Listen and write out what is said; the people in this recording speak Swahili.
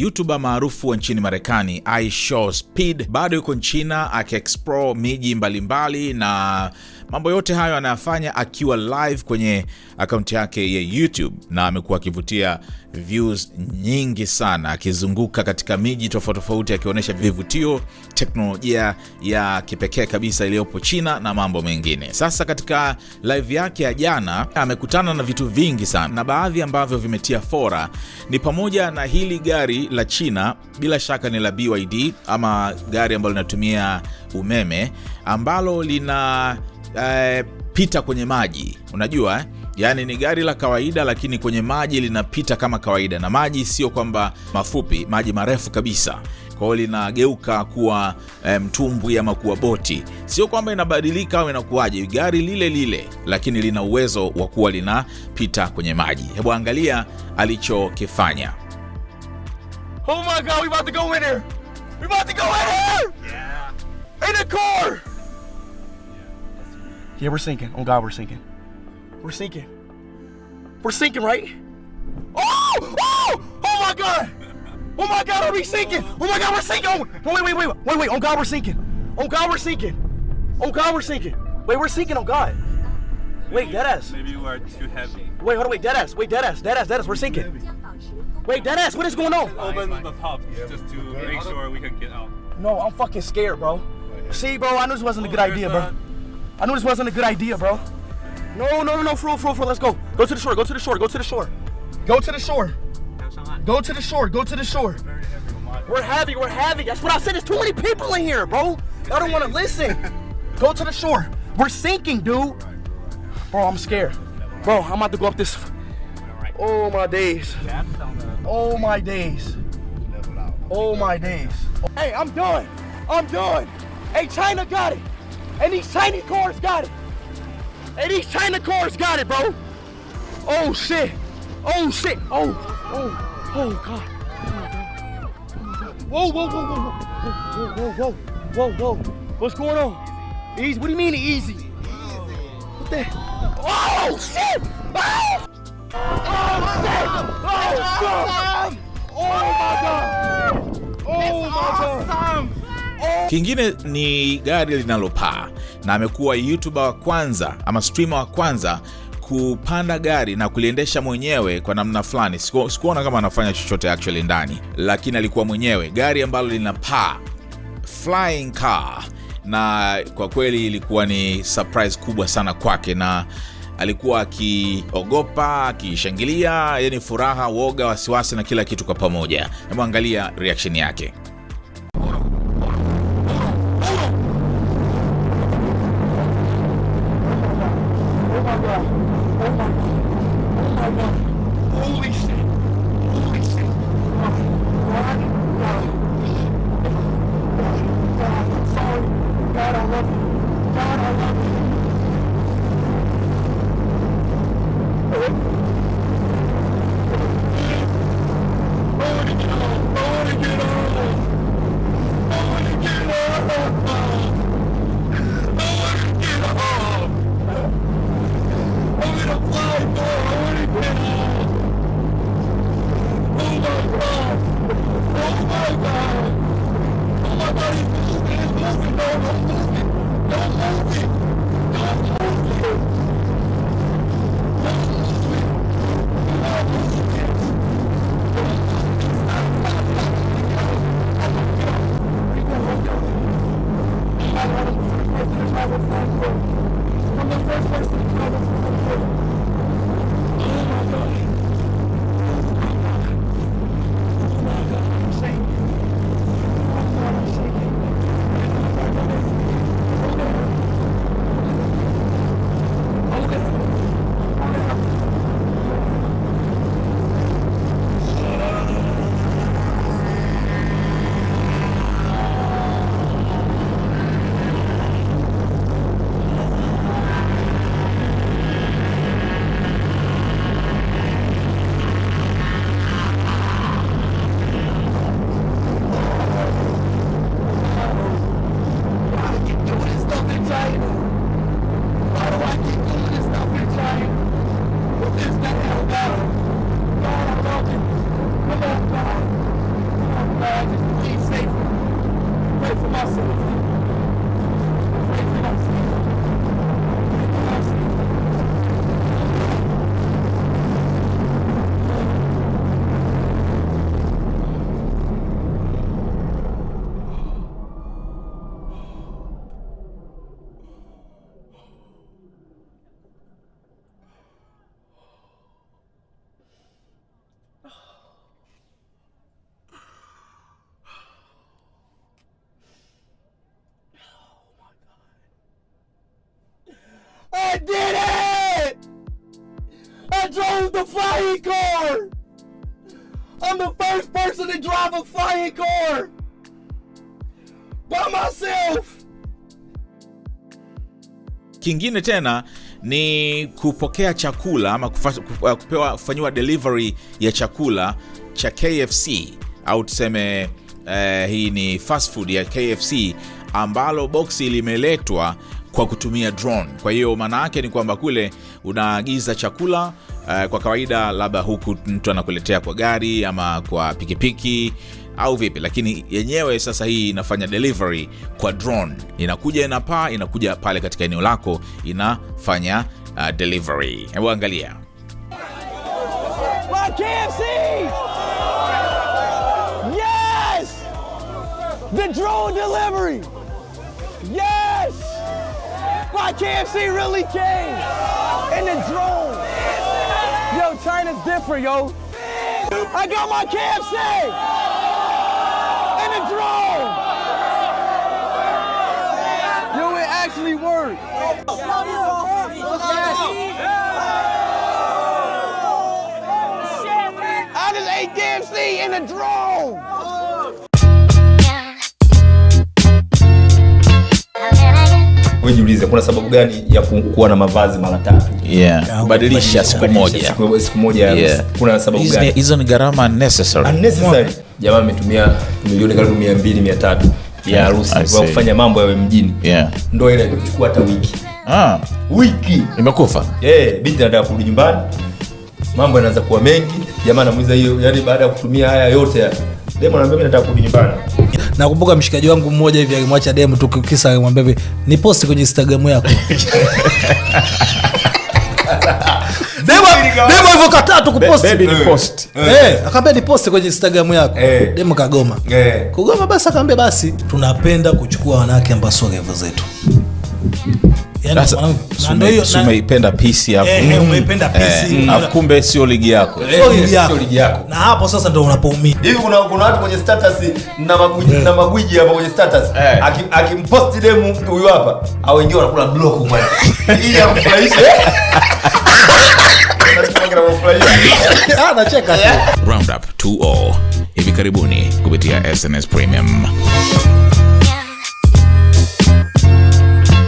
YouTuber maarufu wa nchini Marekani iShowSpeed bado yuko nchina akiexplore miji mbalimbali na Mambo yote hayo anayafanya akiwa live kwenye akaunti yake ya YouTube na amekuwa akivutia views nyingi sana, akizunguka katika miji tofauti tofauti, akionyesha vivutio, teknolojia ya kipekee kabisa iliyopo China na mambo mengine. Sasa katika live yake ya jana amekutana na vitu vingi sana, na baadhi ambavyo vimetia fora ni pamoja na hili gari la China, bila shaka ni la BYD ama gari ambalo linatumia umeme ambalo lina eh, pita kwenye maji unajua eh? yani ni gari la kawaida lakini kwenye maji linapita kama kawaida, na maji sio kwamba mafupi, maji marefu kabisa. kwao linageuka kuwa eh, mtumbwi ama kuwa boti, sio kwamba inabadilika au inakuwaje, gari lile lile, lakini lina uwezo wa kuwa linapita kwenye maji. Hebu angalia alichokifanya. Oh my God, we about to go in here. We about to go in here. Yeah. In car. Yeah, we're sinking. Oh God, we're sinking. We're sinking. We're sinking, right? Oh! Oh! Oh my God! Oh my God, are we sinking? Oh my God, we're sinking! Oh, wait, wait, wait, wait, wait. Oh God, we're sinking. Oh God, we're sinking. Oh God, we're sinking. Wait, we're sinking. Oh God. Wait, dead ass. Maybe you are too heavy. Wait, hold on, wait, dead ass. Wait, dead ass, dead ass, dead ass. We're sinking. Wait, dead ass. What is going on? Open oh, the top just to make sure we can get out. No, I'm fucking scared, bro. See, bro, I knew this wasn't a oh, good idea, bro. I knew this wasn't a good idea, bro. No, no, no, no, for real, for real, for real. Let's go. Go to the shore. Go to the shore. Go to the shore. Go to the shore. Go to the shore. Go to the shore. We're heavy. We're heavy. That's what I said. There's too many people in here, bro. I don't want to listen. Go to the shore. We're sinking, dude. Bro, I'm scared. Bro, I'm about to go up this. Oh my days. Oh my days. Oh my days. Hey, I'm done. I'm done. Hey, China got it. And these tiny cars got it. And these tiny cars got it, bro. Oh shit. Oh shit. Oh, oh, oh god. Whoa, whoa, whoa, whoa, whoa, whoa, whoa, whoa, whoa, whoa. What's going on? Easy. What do you mean easy? Easy. What the? Oh shit! Oh, oh shit! Oh, oh, oh my god! Oh my god! Kingine ni gari linalopaa, na amekuwa YouTuber wa kwanza ama streamer wa kwanza kupanda gari na kuliendesha mwenyewe kwa namna fulani. Sikuona kama anafanya chochote actually ndani, lakini alikuwa mwenyewe gari ambalo linapaa, flying car, na kwa kweli ilikuwa ni surprise kubwa sana kwake na alikuwa akiogopa akishangilia, yani furaha, woga, wasiwasi na kila kitu kwa pamoja. Hebu reaction yake. did it! I drove the flying car! I'm the first person to drive a flying car! By myself! Kingine tena ni kupokea chakula ama kufa, uh, kupewa kufanyiwa delivery ya chakula cha KFC au tuseme eh, hii ni fast food ya KFC ambalo boksi limeletwa kwa kutumia drone. Kwa hiyo maana yake ni kwamba kule unaagiza chakula uh, kwa kawaida labda huku mtu anakuletea kwa gari ama kwa pikipiki au vipi, lakini yenyewe sasa hii inafanya delivery kwa drone, inakuja inapaa, inakuja pale katika eneo lako inafanya uh, delivery. Hebu angalia Yes! The drone delivery. Yes! why KFC really changed. In the drone. Yo, China's different, yo. I got my KFC. In the drone. Yo, it actually worked. I just ate KFC in the drone. hebu jiulize kuna sababu gani ya kuwa na mavazi mara tatu yeah. kubadilisha siku moja siku moja yeah. kuna sababu gani hizo ni gharama unnecessary unnecessary jamaa ametumia milioni karibu 200 300 ya harusi kwa kufanya mambo yawe mjini yeah. ndo ile ilichukua hata wiki ah. wiki imekufa yeah, binti anataka kurudi nyumbani mambo yanaanza kuwa mengi jamaa anamuiza hiyo yani baada ya kutumia haya yote demo anambia mimi nataka kurudi nyumbani Nakumbuka mshikaji wangu mmoja hivi alimwacha dem tu kisa, hivi ni posti kwenye instagramu yako demu akaambia ni kwenye Instagram yako hey. Eh. Eh, eh. Demu kagoma hey. Kugoma basi akaambia basi tunapenda kuchukua wanawake ambao sio revo zetu Yaani umeipenda pisi eh, eh, mm. kumbe sio ligi yakona eh, hapo sasa ndo unapoumia hivi kuna watu kwenye status na magwiji na magwiji hapa kwenye status akimposti demu huyu hapa au wanakula block bwana ili amfurahishe anacheka ah, hivi karibuni kupitia SNS Premium